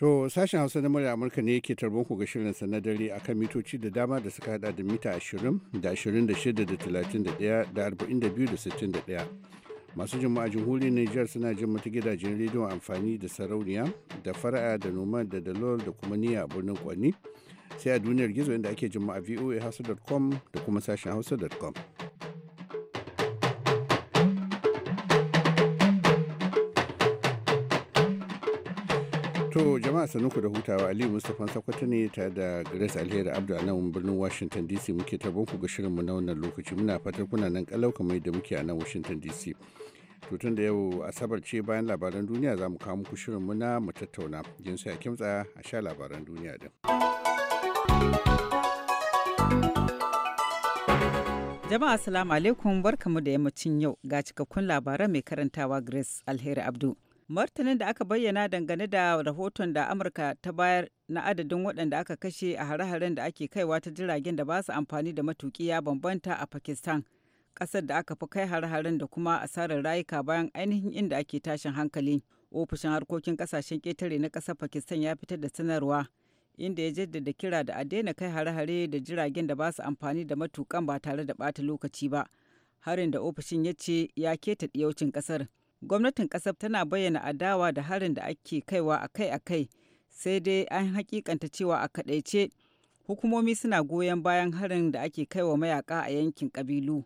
To sashen Hausa na murya Amurka ne yake tarbon ku ga shirin sa na dare akan mitoci da dama da suka hada da mita 20 da 26 da 31 da 42 da 61. Masu jama'a jamhuriyar Nijar suna jin mata gidajen rediyon amfani da sarauniya da fara'a da noma da dalol da kuma niyya a birnin Kwani. Sai a duniyar gizo inda ake jama'a Hausa.com da kuma sashen hausa.com. To jama'a sanuku da hutawa Ali Mustapha Sakwata ne ta da Grace Alheri Abdu a nan birnin Washington DC muke tabon ku ga shirinmu na wannan lokaci muna fatar kuna nan kalau kamar yadda muke a nan Washington DC. To tun da yau Asabar ce bayan labaran duniya za mu kawo muku shirinmu na mu tattauna. Jinsu a kimtsa a sha labaran duniya din. Jama'a assalamu alaikum barkamu da yammacin yau ga cikakkun labaran mai karantawa Grace Alheri Abdu. martanin da aka bayyana dangane da rahoton da amurka ta bayar na adadin waɗanda aka kashe a hare-haren da ake kaiwa ta jiragen da ba su amfani da matuki ya bambanta a pakistan ƙasar da aka fi kai hare-haren da kuma asarar rayuka bayan ainihin inda ake tashin hankali ofishin harkokin ƙasashen ƙetare na ƙasar pakistan ya fitar da sanarwa inda ya jaddada kira da a daina kai hare-hare da jiragen da ba su amfani da matuƙan ba tare da ɓata lokaci ba harin da ofishin ya ce ya keta ɗiyaucin ƙasar gwamnatin kasar tana bayyana adawa da harin da ake kaiwa akai-akai sai dai an hakikanta cewa a kadaice hukumomi suna goyon bayan harin da ake kaiwa mayaka a yankin kabilu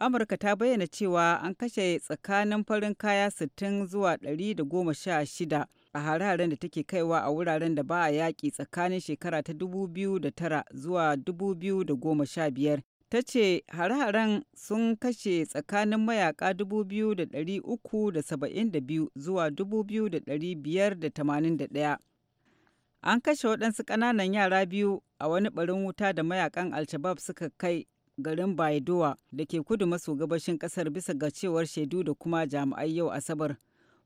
amurka ta bayyana cewa an kashe tsakanin farin kaya 60 zuwa 116 a hararen da take kaiwa a wuraren da ba a yaƙi tsakanin shekara ta 2009 zuwa 2015 ta ce hare-haren sun kashe tsakanin mayaka 2,372 zuwa 2,581 an kashe waɗansu ƙananan yara biyu a wani ɓarin wuta da mayakan alshabab suka kai garin baidowa da ke kudu maso gabashin ƙasar bisa ga cewar shaidu da kuma jami'ai yau asabar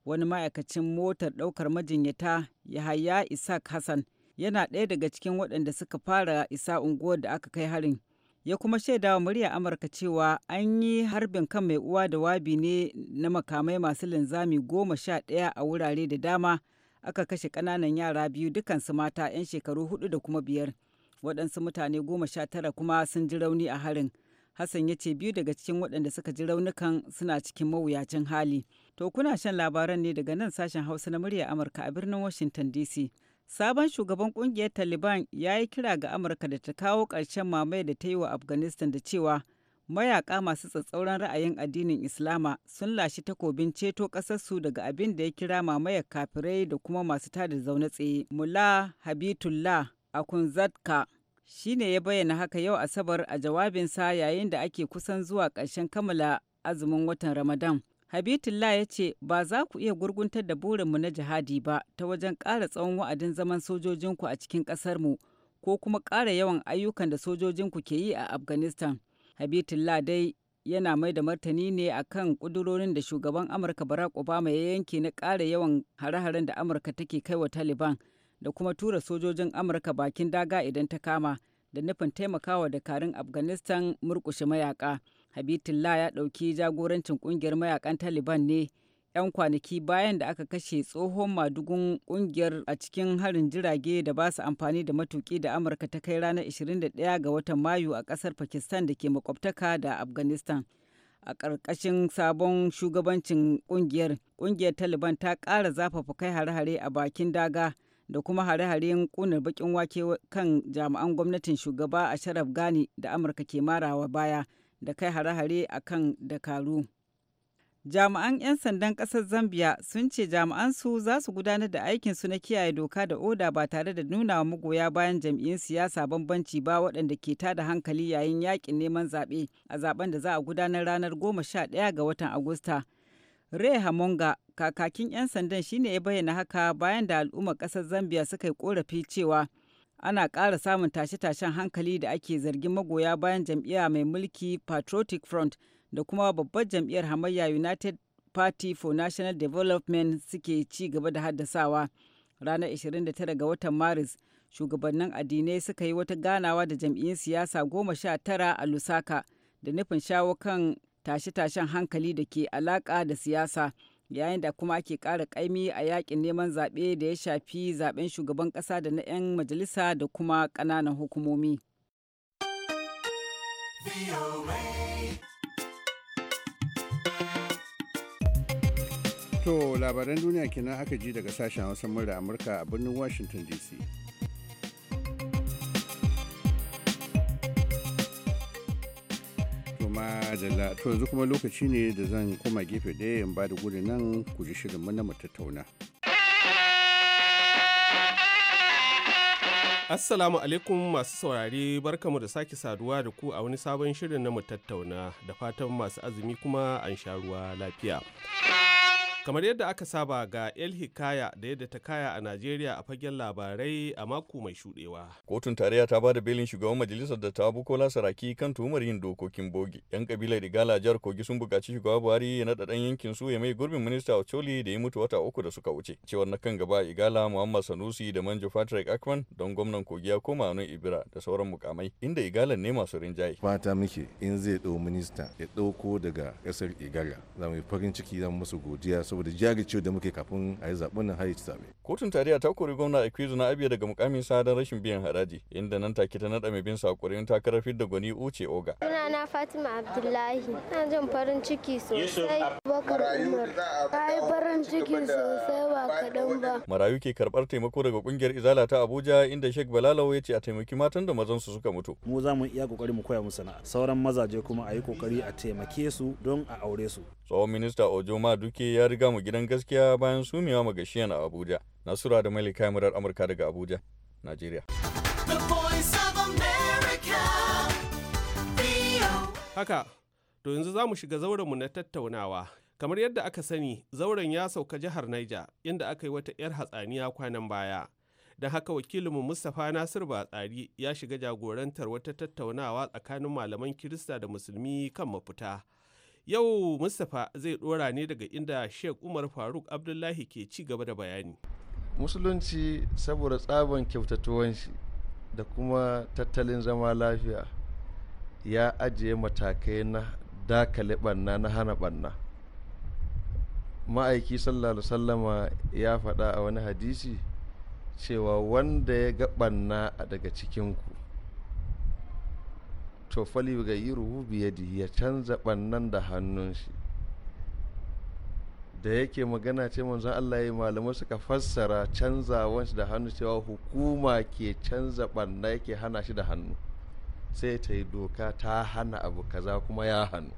wani ma'aikacin motar ɗaukar majinyata yahaya isaac hassan yana ɗaya daga cikin waɗanda suka fara isa unguwar da aka kai harin ya kuma shaida wa murya amurka cewa an yi harbin kan mai uwa da wabi ne na makamai masu linzami goma sha ɗaya a wurare da dama aka kashe ƙananan yara biyu dukansu mata 'yan shekaru hudu da kuma biyar waɗansu mutane goma sha tara kuma sun ji rauni a harin hassan ya ce biyu daga cikin waɗanda suka ji raunukan suna cikin mawuyacin hali to kuna shan labaran ne daga nan sashen hausa na murya amurka a birnin washington dc Sabon shugaban kungiyar Taliban ya yi kira ga Amurka da ta kawo ƙarshen mamaye da ta yi wa Afghanistan da cewa mayaka masu tsatsauran ra'ayin addinin Islama sun lashe takobin ceto ƙasarsu daga abin da ya kira mamayar kafirai da kuma masu tada zaune tsaye. Mula Habitullah Akunzatka shi ne ya bayyana haka yau Asabar a jawabinsa yayin da ake kusan zuwa ƙarshen kammala azumin watan Ramadan. Habitullah ya ce ba za ku iya gurguntar da burinmu na jihadi ba ta wajen ƙara tsawon wa'adin zaman sojojinku a cikin ƙasarmu ko kuma ƙara yawan ayyukan da sojojinku ke yi a Afghanistan. Habitullah dai yana mai da martani ne a kan ƙudurorin da shugaban Amurka Barack Obama ya yanke na ƙara yawan hare-haren da Amurka take kai wa Taliban da kuma tura sojojin Amurka bakin daga idan ta kama da nufin taimakawa da karin Afghanistan murƙushe mayaƙa. habitullah ya ɗauki jagorancin ƙungiyar mayakan taliban ne 'yan kwanaki bayan da aka kashe tsohon madugun ƙungiyar a cikin harin jirage da ba su amfani da matuƙi da amurka ta kai ranar 21 ga watan mayu a ƙasar pakistan da ke makwabtaka da afghanistan a ƙarƙashin sabon shugabancin ƙungiyar ƙungiyar taliban ta ƙara zafafa kai hare-hare a bakin daga da kuma hare-haren ƙunar bakin wake kan jami'an gwamnatin shugaba a sharaf gani da amurka ke marawa baya da kai hare-hare a kan dakaru. Jami'an 'yan sandan ƙasar zambia sun ce jami'ansu za su gudanar da aikinsu na kiyaye doka da oda ba tare da nuna wa magoya bayan jam'iyyun siyasa bambanci ba waɗanda ke tada hankali yayin yakin neman zaɓe a zaben da za a gudanar ranar goma sha 11 ga watan Agusta. Ray Hamonga, kakakin 'yan sandan shine ya bayyana haka bayan da al'ummar ƙasar zambia suka yi korafi cewa ana ƙara samun tashe-tashen hankali da ake zargin magoya bayan jam'iyya mai mulki patriotic front da kuma babbar jam'iyyar hamayya united party for national development suke ci gaba da haddasawa ranar 29 ga watan maris shugabannin addinai suka yi wata ganawa da jam'iyyun siyasa goma sha tara a lusaka da nufin shawo kan tashe-tashen hankali da ke alaƙa da siyasa yayin da kuma ake ƙara ƙaimi a yaƙin neman zaɓe da ya shafi zaɓen shugaban ƙasa da na 'yan majalisa da kuma ƙananan hukumomi. To labaran duniya kenan aka ji daga sashen Hausa murda Amurka a birnin Washington DC. majalla to yanzu kuma lokaci ne da zan koma gefe ɗaya in ba da guri nan ku ji shirin na mu tattauna Assalamu alaikum masu saurare barkamu da sake saduwa da ku a wani sabon shirin na mu tattauna da fatan masu azumi kuma an sha ruwa lafiya. Kamar yadda aka saba ga El Hikaya da yadda ta kaya a Najeriya a fagen labarai a mako mai shudewa. Kotun tarayya ta bada belin shugaban majalisar da ta Bukola Saraki kan tuhumar yin dokokin bogi. Yan kabilar Igala jihar Kogi sun buƙaci shugaban Buhari ya naɗa ɗan yankin su ya mai gurbin minista Ocholi da ya mutu wata uku da suka wuce. Cewar na kan gaba Igala Muhammad Sanusi da Manjo Patrick Akman don gwamnan Kogi ya koma hannun Ibira da sauran mukamai inda Igalan ne masu rinjaye. Fata muke in zai ɗau minista ya ɗauko daga ƙasar Igala. Za mu yi farin ciki za musu godiya saboda jagircewa da muke kafin a yi zaɓen nan har yi zaɓe. Kotun tarayya ta kori gwamna Ikwizu na daga mukamin sa rashin biyan haraji inda nan take ta naɗa mai bin ta takarar da gwani uce Oga. Sunana Fatima Abdullahi, na jin farin ciki sosai. Bakar Umar, yi farin ciki sosai ba kaɗan ba. Marayu ke karɓar taimako daga ƙungiyar Izala ta Abuja inda Sheikh Balalawo ya ce a taimaki matan da mazan su suka mutu. Mu za mu iya ƙoƙari mu koya musu sana'a. Sauran mazaje kuma a yi ƙoƙari a taimake su don a aure su. tsohon minista ojoma duke ya riga mu gidan gaskiya bayan sumewa magashiyan a abuja nasura da mali kamarar amurka daga abuja najeriya haka to yanzu za mu shiga zaurenmu na tattaunawa kamar yadda aka sani zauren ya sauka jihar naija inda aka yi wata 'yar hatsaniya kwanan baya don haka wakilinmu mustapha nasir batsari ya shiga jagorantar wata tattaunawa tsakanin malaman kirista da musulmi kan mafita Yau Mustapha zai ɗora ne daga inda Sheikh Umar Faruk Abdullahi ke ci gaba da bayani. Musulunci saboda tsaban kyautatuwan da kuma tattalin zama lafiya ya ajiye matakai na dakale banna na hana banna Ma'aiki sallallahu sallama ya faɗa a wani hadisi cewa wanda ya ga a daga cikinku to fali ga yiruhu biyadihi ya canza bannan da hannun shi da yake magana ce manzo Allah ya malama malamai suka fassara canzawan shi da hannu cewa hukuma ke canza banna yake hana shi da hannu sai ta yi doka ta hana abu kaza kuma ya hannu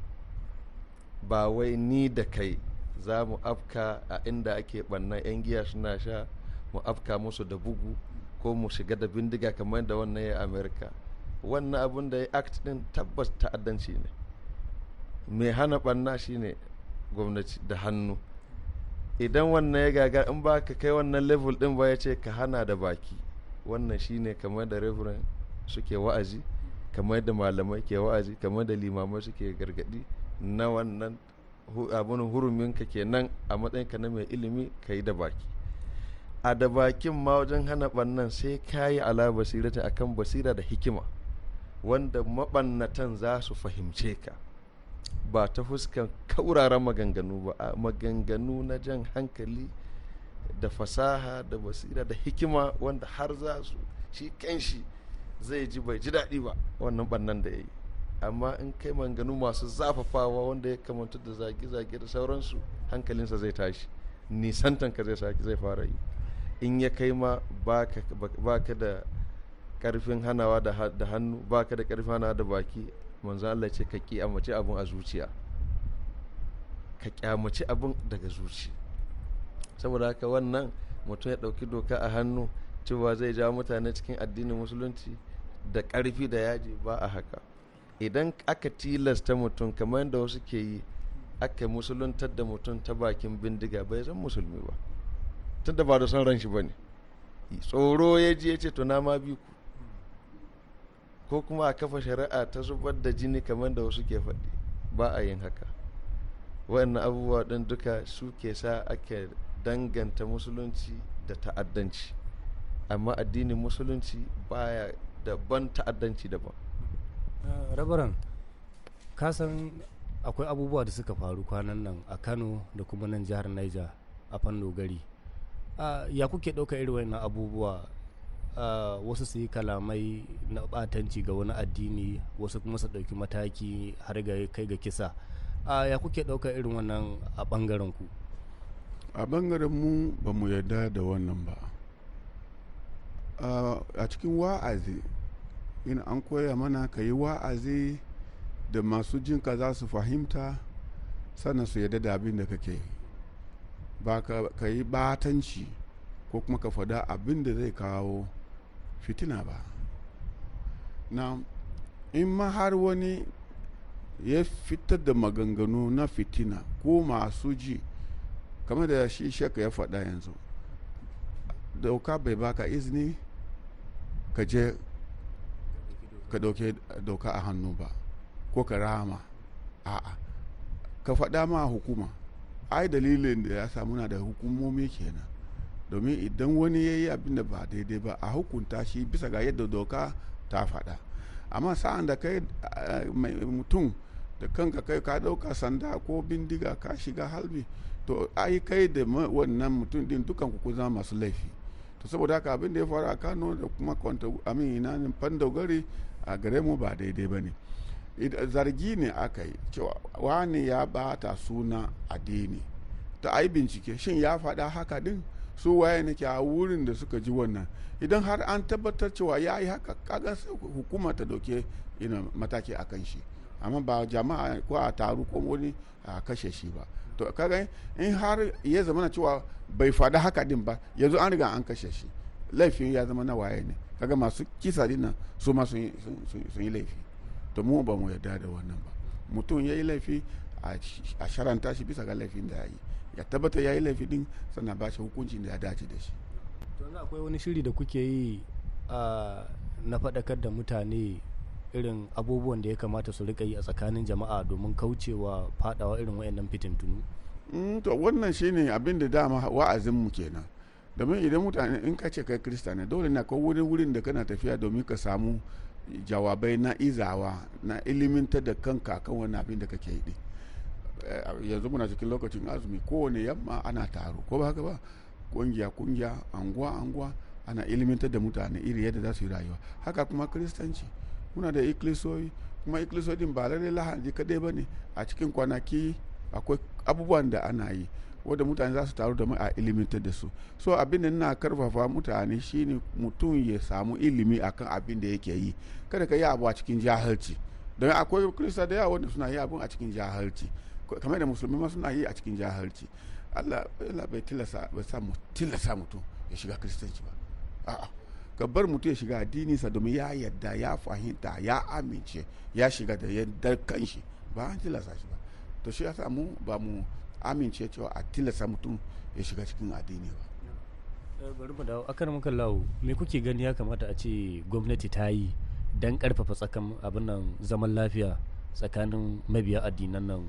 ba wai ni da kai za mu afka a inda ake bannan 'yan giya suna sha mu afka musu da bugu ko mu shiga da bindiga kamar da wannan ya amerika wannan abin da ya act din tabbas ta'addanci ne mai hana shi shine gwamnati da hannu idan wannan ya gagar in ba ka kai wannan level din ba ya ce ka hana da baki wannan shine kamar da reverend suke wa'azi kamar da malamai ke wa'azi kamar da limamai suke gargadi na wannan abin huruminka kenan a matsayin ka na mai ilimi ka yi da baki a da bakin ma wajen hana bannan sai ka yi ala basirata akan basira da hikima wanda maɓannatan za su fahimce ka ba ta fuskan kauraren maganganu ba a maganganu na jan hankali da fasaha da basira da hikima wanda har za su shi kanshi zai ji bai ji daɗi ba wannan ɓannan da ya yi amma in kai maganganu masu zafafawa wanda ya kamanta da zage-zage da sauransu hankalinsa zai tashi nisantanka zai zai fara yi in ya kai ma baka da karfin hanawa da hannu baka da karfin hanawa da baki manzo Allah ce ka amace abun a zuciya ka kyamaci abun daga zuci saboda haka wannan mutum ya ɗauki doka a hannu cewa zai ja mutane cikin addinin musulunci da karfi da yaji ba a haka idan aka tilasta mutum kamar yadda wasu ke yi aka musuluntar da mutum ta bakin bindiga bai zan musulmi ba tun da ba da son ran shi ba ne tsoro ya ji ya ce to na ma bi ku ko kuma a kafa shari'a ta zubar da jini kamar da wasu ke faɗi ba a yin haka wannan abubuwa ɗin duka su ke sa ake danganta musulunci da ta'addanci amma addinin musulunci baya daban ta'addanci daban eh, rabaran san akwai abubuwa da suka faru kwanan nan a kano da kuma nan jihar niger a fannin gari ah, ya kuke ɗauka irin wannan abubuwa Eh, wasu su yi kalamai na batanci ga wani addini wasu kuma su ɗauki mataki har ga kai ga kisa ah, ya kuke ɗauka irin wannan a ɓangaren ku a ɓangaren mu ba mu yarda da wannan ba ah, a cikin wa'azi in an koya mana ka yi wa'azi da masu jinka za su fahimta sannan su yarda da abin da kake ba ka yi batanci ko kuma ka faɗa abin da zai kawo fitina ba na in ma har wani ya fitar da maganganu na fitina ko masu ji kamar da shi shaka ya faɗa yanzu dauka bai baka izini ka je ka dauke dauka a hannu ba ko ka rama a'a ka faɗa ma hukuma ai dalilin da ya samu na da hukumomi kenan domin idan wani ya yi abin da ba daidai ba a hukunta shi bisa ga yadda doka ta faɗa amma sa'an da kai eh, mutum da kanka kai ka ɗauka sanda ko bindiga ka shiga halbi to ai kai da wannan mutum din dukan ku zama masu laifi to saboda haka abin da ya faru a kano da kuma kwanta amin ina ne dogari a gare mu ba daidai ba ne zargi ne aka yi cewa wani ya bata suna addini ta ai bincike shin ya faɗa haka din su waye ne ke a wurin da suka ji wannan idan har an tabbatar cewa ya yi haka kaga hukuma ta doke mataki a kan shi amma ba jama'a ko a taru ko wani a kashe shi ba to kaga in har ya zama na cewa bai fada haka din ba yanzu an riga an kashe shi laifin ya zama na waye ne kaga masu kisa dinnan su ma sun yi laifi to mu ba mu yarda da wannan ba mutum ya yi laifi a sharanta shi bisa ga laifin da ya yi ya tabbata ya yi laifi din sana ba shi hukuncin da ya dace da shi to akwai wani shiri da kuke yi na faɗakar da mutane irin abubuwan da ya kamata su rika yi a tsakanin jama'a domin kaucewa fadawa irin wayannan fitintunu mm, to wannan shine abin da dama wa'azin mu kenan domin idan mutane in ka ce kai krista ne dole na ka wurin wurin da kana tafiya domin ka samu jawabai na izawa na iliminta da kanka kan wani abin da kake yi Eh, yanzu muna cikin lokacin azumi kowane yamma ana taro ko ba haka ba kungiya kungiya anguwa anguwa ana ilimintar da mutane iri yadda za su yi rayuwa haka kuma kristanci muna da ikilisoyi kuma ikilisodin ba lalle lahadi kadai ba ne a cikin kwanaki akwai abubuwan da ana yi wadda mutane za su taru da a ilimintar da su so abin da nuna karfafa mutane shine mutum ya samu ilimi akan abin da yake yi kada ka yi abu a cikin jahalci don akwai kirista da yawa wanda suna yi abin a cikin jahalci kamar da musulmi ma suna yi a cikin jahilci Allah bai tilasa bai mutum ya shiga kristanci ba a'a ka bar mutum ya shiga sa domin ya yadda ya fahimta ya amince ya shiga da yadda kanshi ba an tilasa shi ba to shi yasa mu ba mu amince cewa a tilasa mutum ya shiga cikin addini ba eh, bari mu dawo akan muka lawo me kuke gani ya kamata a ce gwamnati ta yi don karfafa tsakan abin nan zaman lafiya tsakanin mabiya addinan nan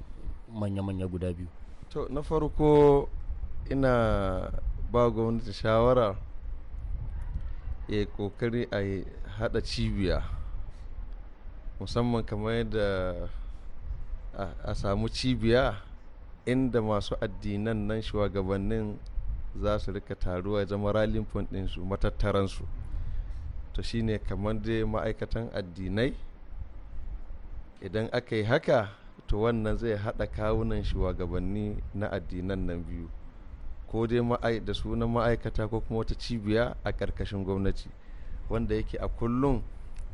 manya-manya guda biyu to na farko ina ba gwamnati shawara ya kokari a hada cibiya musamman kamar yadda a samu cibiya inda masu addinan nan shugabannin za su rika taruwa ya zama rallying point ɗinsu matattaransu to shine kamar dai ma'aikatan addinai idan aka yi haka to wannan zai haɗa kawunan shugabanni na addinan nan biyu ko dai da sunan ma'aikata ko kuma wata cibiya a ƙarƙashin gwamnati wanda yake a kullum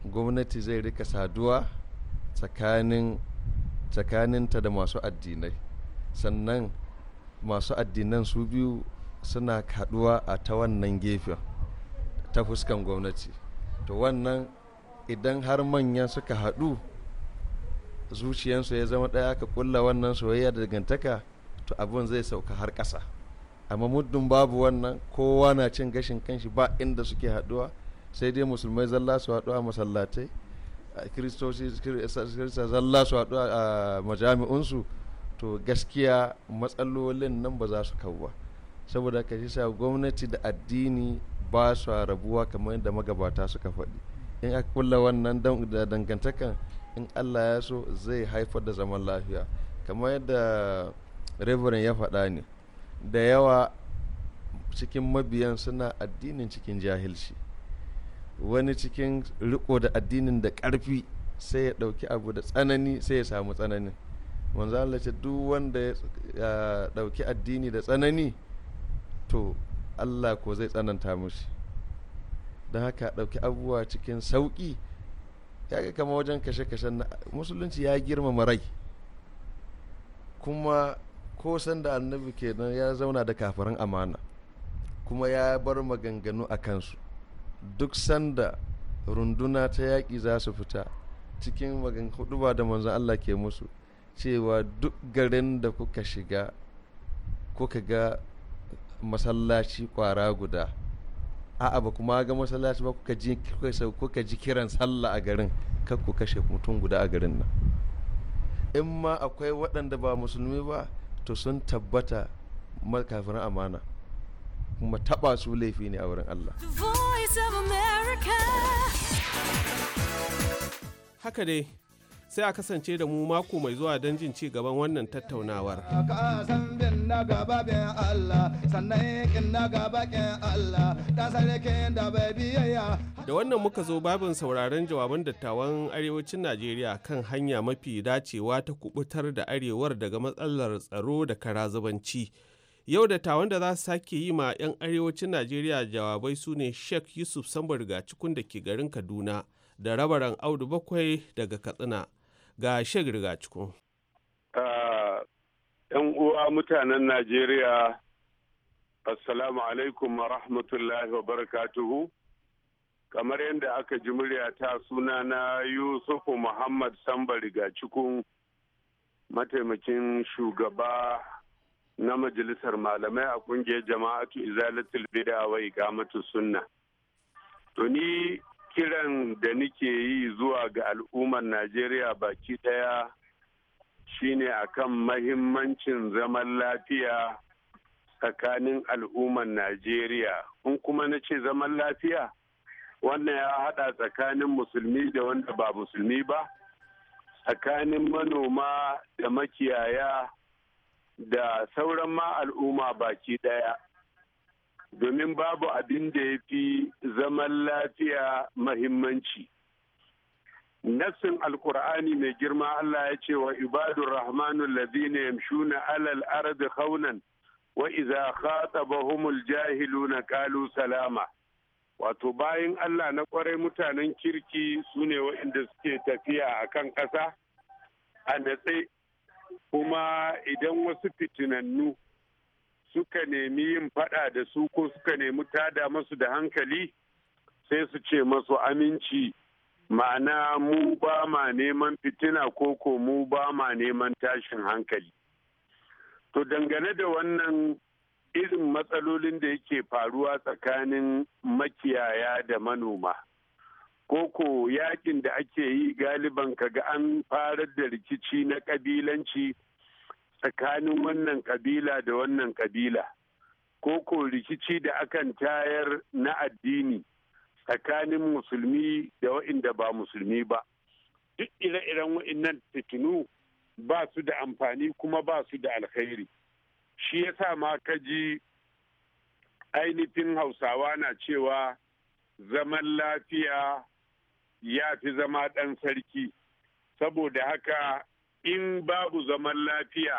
gwamnati zai rika saduwa tsakaninta da masu addinai sannan masu addinan su biyu suna kaduwa a ta wannan gefen ta fuskan gwamnati to wannan idan har manyan suka haɗu zuciyansu ya zama ɗaya ka kulla wannan soyayya da dangantaka to abin zai sauka har ƙasa amma muddin babu wannan kowa na cin gashin kanshi ba inda suke haɗuwa sai dai musulmai zalla su haɗu a masallatai kiristoci kirista zalla su haɗu a majami'unsu to gaskiya matsalolin nan ba za su kawo ba saboda ka shi sa gwamnati da addini ba su rabuwa kamar yadda magabata suka faɗi in aka kulla wannan dangantakan in allah ya so zai haifar da zaman lafiya kamar yadda reverend ya faɗa ne da yawa cikin mabiyan suna addinin cikin jahilci wani cikin riko da addinin da ƙarfi sai ya ɗauki abu da tsanani sai ya samu tsanani manzo Allah ce duk wanda ya ɗauki addini da tsanani to Allah ko zai tsananta mushi don haka ɗauki abubuwa cikin sauƙi kaga kama wajen kashe-kashen musulunci ya girmama rai kuma ko sanda annabi kenan ya zauna da kafarin amana kuma ya bar maganganu a kansu duk sanda runduna ta yaƙi za su fita cikin ba da manzan Allah ke musu cewa duk garin da kuka shiga kuka ga masallaci kwara guda a'a ba kuma ga masallaci ba kuka ji kuka ji kiran sallah a garin kar ku kashe mutum guda a garin nan in ma akwai waɗanda ba musulmi ba to sun tabbata kafin amana kuma taɓa su laifi ne a wurin Allah haka dai sai a kasance da mu mako mai zuwa don jin ci gaban wannan tattaunawar. Da wannan muka zo babin sauraron jawaban dattawan arewacin Najeriya kan hanya mafi dacewa ta kubutar da arewar daga matsalar tsaro da karazubanci. Yau da tawon da za su sake yi ma 'yan arewacin Najeriya jawabai su ne Sheikh Yusuf Sambar ga cikun da ke garin Kaduna da rabaran Audu Bakwai daga Katsina. ga ga cikin. ‘Yan uwa mutanen Najeriya, Assalamu alaikum wa rahmatullahi wa barakatuhu. Kamar yadda aka ji murya ta suna na Yusufu Muhammad Sambari ga cikin mataimakin shugaba na majalisar malamai a kungiyar jama'atu izalatul bid'a wa sunna to ni kiran da nike yi zuwa ga al'ummar najeriya baki daya shine akan mahimmancin zaman lafiya tsakanin al'ummar najeriya in kuma na ce zaman lafiya wannan ya hada tsakanin musulmi da wanda ba musulmi ba tsakanin manoma da makiyaya da sauran ma al'umma baki ɗaya. domin babu abin da ya fi zaman lafiya mahimmanci. Nassin Alkur'ani mai girma Allah ya ce wa ibadun rahmanun ladina yamshuna alal ardi khaunan wa iza khatabahumul jahiluna qalu salama wato bayan Allah na kwarai mutanen kirki su sune waɗanda suke tafiya a kan ƙasa a natse kuma idan wasu fitinannu suka nemi yin fada da su ko suka nemi tada masu da hankali sai su ce masu aminci ma'ana mu ba ma neman fitina ko ko mu ba ma neman tashin hankali to dangane da wannan irin matsalolin da yake faruwa tsakanin makiyaya da manoma koko yakin da ake yi galiban kaga an farar da rikici na kabilanci tsakanin wannan kabila da wannan kabila ko ko rikici da akan tayar na addini tsakanin musulmi da wa'inda ba musulmi ba duk ire-iren wa'innan fitinu ba su da amfani kuma ba su da alkhairi shi ya sa ma ka ji ainihin hausawa na cewa zaman lafiya ya fi zama ɗan sarki saboda haka in babu zaman lafiya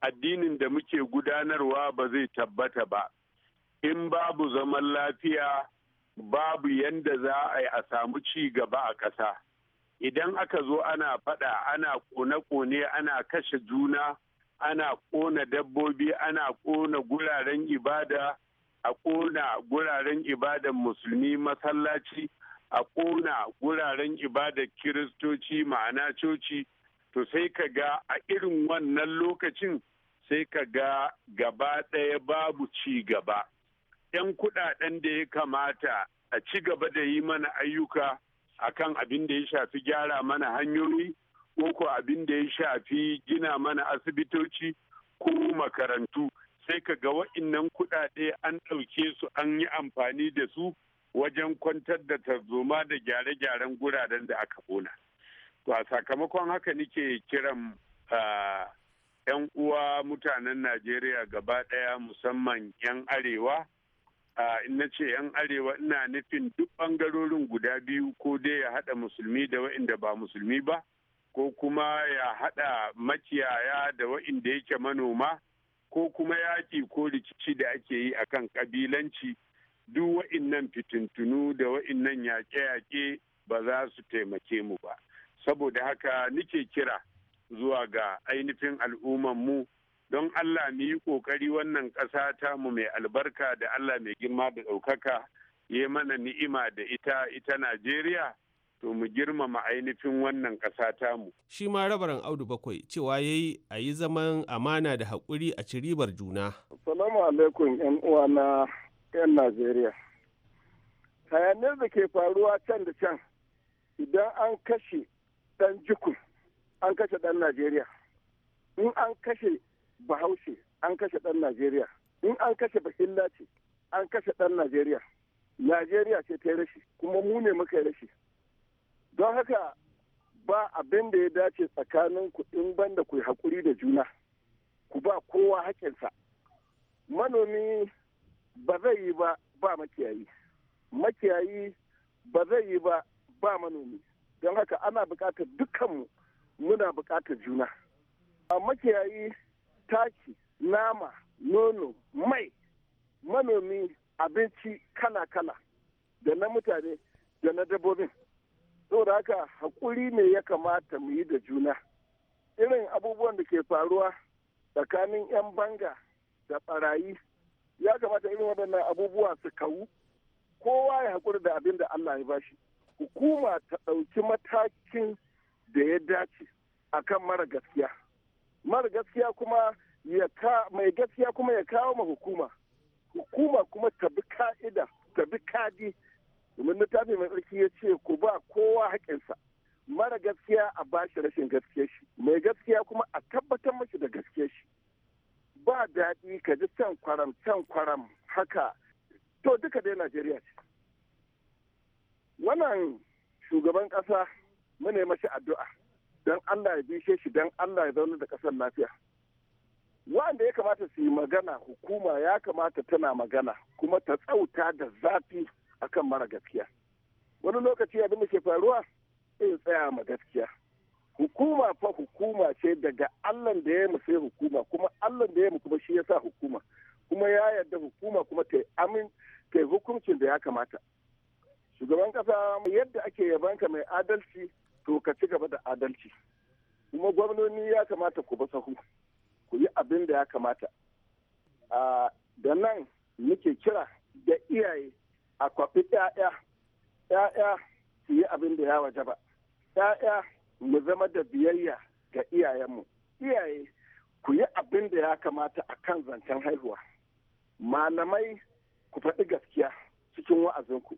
addinin da muke gudanarwa ba zai tabbata ba in babu zaman lafiya babu yanda za a yi a samu ci gaba a ƙasa idan aka zo ana faɗa ana ƙone-ƙone ana kashe juna ana ƙona dabbobi ana ƙona guraren ibada a ƙona guraren ibadan musulmi masallaci a ƙona guraren ibadan kiristoci ma'ana coci to sai ka ga a irin wannan lokacin sai ka ga gaba ɗaya babu ci gaba. 'Yan kuɗaɗen da ya kamata a ci gaba da yi mana ayyuka a kan abin da ya shafi gyara mana hanyoyi ko abin da ya shafi gina mana asibitoci ko makarantu sai ka ga wa'innan kuɗaɗe an ɗauke su an yi amfani da su wajen kwantar da tarzoma da gyare-gyaren guraren da aka kona. ba sakamakon haka nike kiran ‘yan uwa mutanen Najeriya gaba daya musamman ‘yan arewa. In na ce ‘yan arewa ina nufin duk bangarorin guda biyu ko dai ya haɗa musulmi da waɗanda ba musulmi ba, ko kuma ya haɗa makiyaya da waɗanda yake manoma, ko kuma yaƙi ko rikici da ake yi akan kabilanci? Duk waɗannan fitintunu da waɗannan yaƙe-yaƙe ba za su taimake mu ba. saboda haka nike kira zuwa ga ainihin al'ummanmu don allah mu yi ƙoƙari wannan ƙasa ta mu mai albarka da allah mai girma da ɗaukaka ya mana ni'ima da ita ita najeriya to mu girmama ainihin wannan ƙasa mu. Shi ma rabaran Audu bakwai cewa ya yi a yi zaman amana da haƙuri a ci juna. Salamu alaikum ‘yan uwa na ‘yan Najeriya. Hayanin da ke faruwa can da can idan an kashe dan jikun an kashe dan najeriya in an kashe bahaushe an kashe dan najeriya in an kashe bahilla ce an kashe dan najeriya najeriya ce ta rashi kuma mu ne muka yi rashi don haka ba abin da ya dace tsakanin ku in banda ku hakuri da juna ku ba kowa haƙinsa manomi ba zai yi ba ba makiyayi makiyayi ba zai yi ba ba manomi don haka ana buƙatar dukkanmu muna bukatar juna a makiyayi taki nama nono mai manomi abinci kala-kala da na mutane da na dabbobin saboda haka haƙuri ne ya kamata mu yi da juna irin abubuwan da ke faruwa tsakanin 'yan banga da ɓarayi ya kamata irin waɗannan abubuwa su kawu kowa ya haƙuri da abin da allah ya bashi hukuma ta ɗauki matakin da ya dace akan mara gaskiya mara gaskiya kuma ya ka mai gaskiya kuma ya kawo ma hukuma hukuma kuma ta bi ka'ida ta bi kadi domin littafi mai tsarki ya ce ku ba kowa haƙinsa mara gaskiya a bashi rashin gaskiya shi mai gaskiya kuma a tabbatar mashi da gaskiya shi ba daɗi ka ji can kwaram can kwaram haka to duka dai najeriya ce wannan shugaban ƙasa mune mashi addu'a don Allah ya bishe shi don Allah ya zauna da ƙasar lafiya. Wanda ya kamata su yi magana hukuma ya kamata tana magana kuma ta tsauta da zafi akan mara gaskiya. Wani lokaci abin da ke faruwa sai tsaya ma gaskiya. Hukuma fa hukuma ce daga Allah da ya sai hukuma kuma Allah da ya mu kuma shi ya sa hukuma kuma ya yarda hukuma kuma ta amin ta hukuncin da ya kamata. shugaban kasa yadda ake yabanka mai adalci to ka ci gaba da adalci kuma gwamnoni ya kamata ku basahu ku yi abin da ya kamata da nan muke kira da iyaye a kwafi 'ya'ya 'ya'ya su yi abin da ya wajaba 'ya'ya mu zama da biyayya ga iyayenmu iyaye ku yi abin da ya kamata a kan zancen haihuwa malamai ku faɗi gaskiya cikin wa'azinku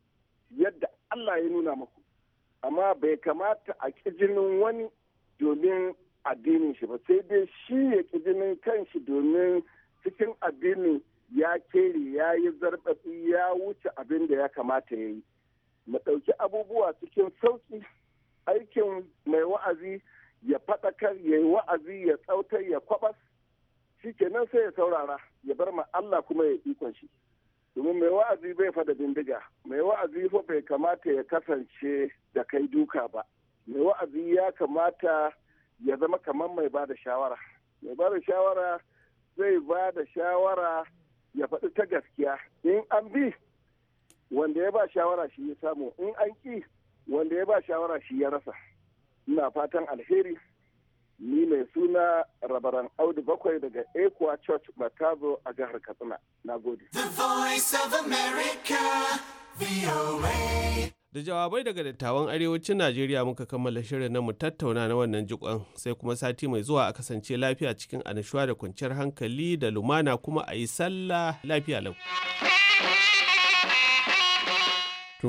yadda Allah ya nuna maku amma bai kamata a kijinin wani domin addinin shi ba sai dai shi ya kijinin kanshi domin cikin addinin ya keri ya yi zarbafi ya wuce abin da ya kamata ya yi mu abubuwa cikin sauki aikin mai wa'azi ya faɗakar ya yi wa'azi ya tsautar ya kwabas shi kenan sai ya saurara ya bar ma Allah kuma ya ikon shi domin mai wa'azi bai fa da bindiga mai wa'azi fa bai kamata ya kasance da kai duka ba mai wa'azi ya kamata ya zama kamar mai ba da shawara mai ba da shawara zai ba da shawara ya faɗi ta gaskiya in an bi wanda ya ba shawara shi ya samu in an ƙi wanda ya ba shawara shi ya rasa ina fatan alheri ni mai suna rabaran audu bakwai daga Equa Church Batazo a gahar Katsina. Na gode. The Voice of America, VOA. Da jawabai daga dattawan arewacin Najeriya muka kammala shirin na mu tattauna na wannan jikon sai kuma sati mai zuwa a kasance lafiya cikin anashuwa da kwanciyar hankali da lumana kuma a yi sallah lafiya lau.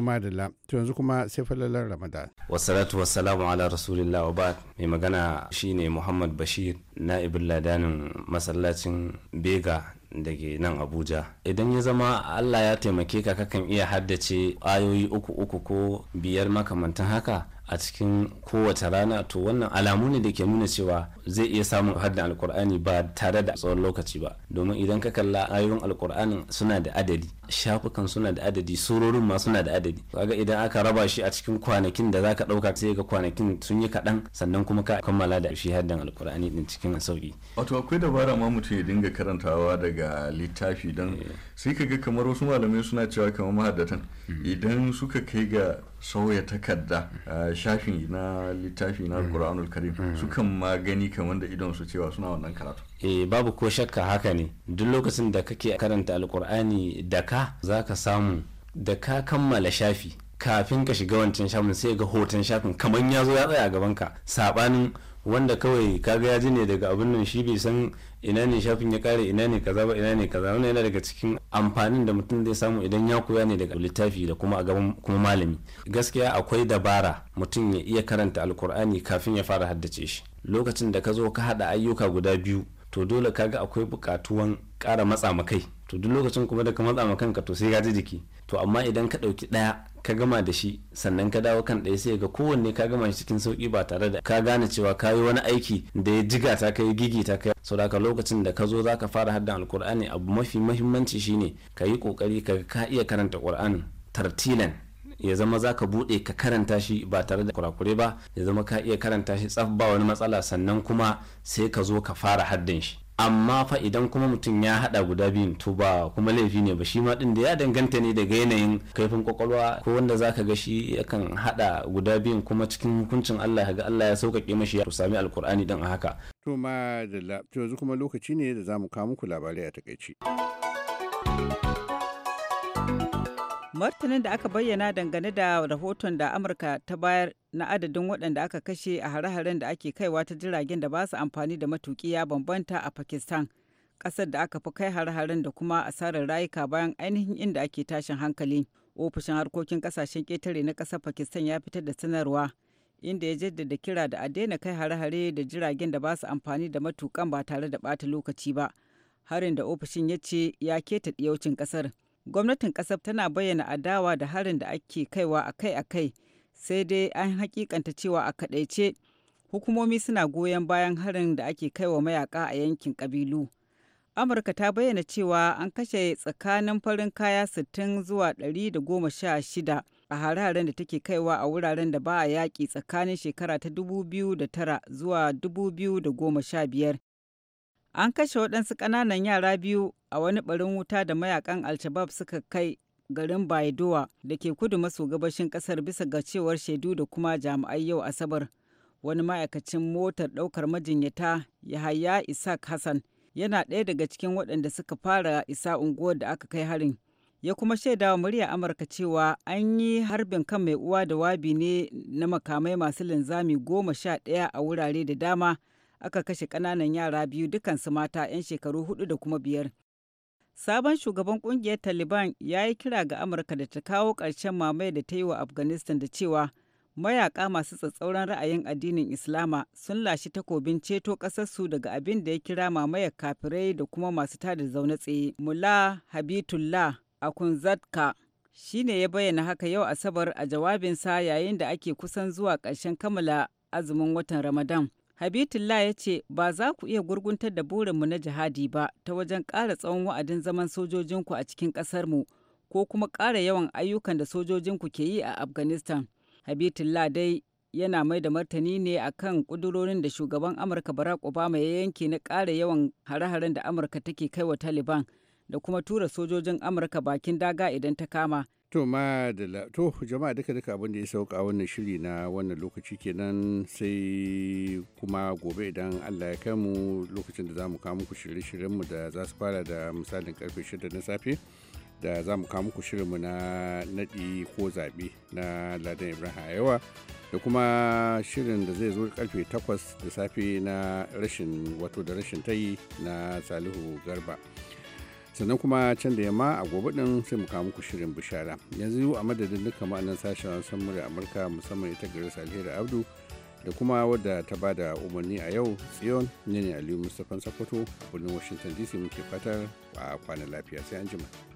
da la to yanzu kuma sai falalar ramadan wasalatu wasalamu ala rasulillah wa ba mai magana shine muhammad bashir na'ibin ladanin masallacin bega da ke nan abuja idan ya zama allah ya taimake ka kakan iya haddace ayoyi uku uku ko biyar makamantan haka a cikin kowace rana to wannan alamu ne da ke nuna cewa zai iya samun haddin alkur'ani ba tare da tsawon lokaci ba domin idan ka kalla ayoyin alkur'anin suna da adadi shafukan suna da adadi surorin ma suna da adadi kaga idan aka raba shi a cikin kwanakin da zaka dauka sai ka kwanakin sun yi kaɗan sannan kuma ka kammala da shi haddan alkur'ani din cikin sauki wato akwai dabara ma mutum ya dinga karantawa daga littafi don eh. sai ga kamar wasu malamai suna cewa kamar mahaddatan hmm. idan suka kai ga sauya takarda shafin na littafi na hmm. alkur'anul karim hmm. sukan magani gani kamar da idon su cewa suna wannan karatu e babu ko shakka haka ne duk lokacin da kake karanta alkur'ani da ka za ka samu da ka kammala shafi kafin ka shiga wancan shafin sai ga hoton shafin kamar ya zo ya tsaya gaban ka sabanin wanda kawai kaga ya ji ne daga abin nan shi bai san ina ne shafin ya kare ina ne kaza ba ina ne kaza wannan yana daga cikin amfanin da mutum zai samu idan ya koya ne daga littafi da kuma a gaban kuma malami gaskiya akwai dabara mutum ya iya karanta alkur'ani kafin ya fara haddace shi lokacin da ka zo ka haɗa ayyuka guda biyu to dole kaga akwai bukatuwan kara matsa kai to duk lokacin kuma da ka matsa ma kanka to sai ka ji jiki to amma idan ka ɗauki ɗaya ka gama da shi sannan ka dawo kan ɗaya sai ga kowanne ka gama shi cikin sauki ba tare da ka gane cewa ka yi wani aiki da ya jiga ta kai gigi ta kai sau da lokacin da ka zo za ka fara haddan alkur'ani abu mafi mahimmanci shine ka yi kokari ka ka iya karanta ƙur'anin tartilan ya zama za ka buɗe ka karanta shi ba tare da kurakure ba ya zama ka iya karanta shi tsaf ba wani matsala sannan kuma sai ka zo ka fara haddin shi amma fa idan kuma mutum ya hada guda biyun to ba kuma laifi ne ba shi ma din da ya danganta ne daga yanayin kaifin kwakwalwa ko wanda zaka ga shi yakan hada guda biyun kuma cikin hukuncin Allah ga Allah ya sauƙaƙe mashi ya sami alkur'ani din a haka to ma da to yanzu kuma lokaci ne da zamu kawo muku labarai a takaice martanin da aka bayyana dangane da rahoton da amurka ta bayar na adadin waɗanda aka kashe a hare-haren da ake kaiwa ta jiragen da ba su amfani da matuki ya bambanta a pakistan ƙasar da aka fi kai hare-haren da kuma asarar rayuka bayan ainihin inda ake tashin hankali ofishin harkokin ƙasashen ƙetare na ƙasar pakistan ya fitar da sanarwa inda ya jaddada kira da a daina kai hare-hare da jiragen da ba su amfani da matuƙan ba tare da ɓata lokaci ba harin da ofishin ya ce ya keta ɗiyaucin ƙasar gwamnatin ƙasar tana bayyana adawa da harin da ake kaiwa akai-akai sai dai an hakikanta cewa a kaɗaice hukumomi suna goyon bayan harin da ake kaiwa mayaka a yankin ƙabilu amurka ta bayyana cewa an kashe tsakanin farin kaya 60 zuwa 116 a hare-haren da take kaiwa a wuraren da ba a yaƙi tsakanin shekara ta 2009 zuwa 2015 an kashe waɗansu ƙananan yara biyu a wani barin wuta da mayakan alshabab suka kai garin baidowa da ke kudu maso gabashin kasar bisa ga cewar shaidu da kuma jami'ai yau asabar wani ma'aikacin motar daukar majinyata yahaya isaac hassan yana ɗaya daga cikin waɗanda suka fara isa unguwar da aka kai harin ya kuma shaida wa murya amurka cewa an yi harbin kan mai uwa da wabi ne na makamai masu linzami goma sha ɗaya a wurare da dama aka kashe ƙananan yara biyu dukansu mata 'yan shekaru hudu da kuma biyar Sabon shugaban kungiyar Taliban ya yi kira ga Amurka da ta kawo ƙarshen mamaye da ta yi wa Afghanistan da cewa mayaka masu tsatsauran ra'ayin addinin Islama sun lashe takobin ceto ƙasarsu daga abin da ya kira mamayar kafirai da kuma masu tada zaune tsaye. Mula Habitullah Akunzatka shi ne ya bayyana haka yau Asabar a jawabinsa yayin da ake kusan zuwa ƙarshen kammala azumin watan Ramadan. Habitullah ya ce ba za ku iya gurguntar da burinmu na jihadi ba ta wajen ƙara tsawon wa'adin zaman sojojinku a cikin ƙasarmu ko kuma ƙara yawan ayyukan da sojojinku ke yi a Afghanistan. Habitullah dai yana mai da martani ne a kan ƙudurorin da shugaban Amurka Barack Obama ya yanke na ƙara yawan hare-haren da Amurka take kai wa Taliban da kuma tura sojojin Amurka bakin daga idan ta kama. To ma da la to jama'a duka duka abin da ya sauka wannan shiri na wannan lokaci kenan sai kuma gobe idan Allah ya kai mu lokacin da za mu kawo muku shirye-shiryen mu da za su fara da misalin karfe 6 na safe da za mu kawo muku shirin mu na nadi ko zabe na Ladan Ibrahim Ayawa da kuma shirin da zai zo karfe takwas da safe na rashin wato da rashin tayi na Salihu Garba. sannan kuma can da yamma a gobe din sai mu kawo muku shirin bishara yanzu a madadin duka ma'anan sashen wasan murya amurka musamman ita gari alheri abdu da kuma wadda ta ba da umarni a yau tsiyon ne ne aliyu mustapha sakoto a birnin washington dc muke fatar a kwanan lafiya sai an jima.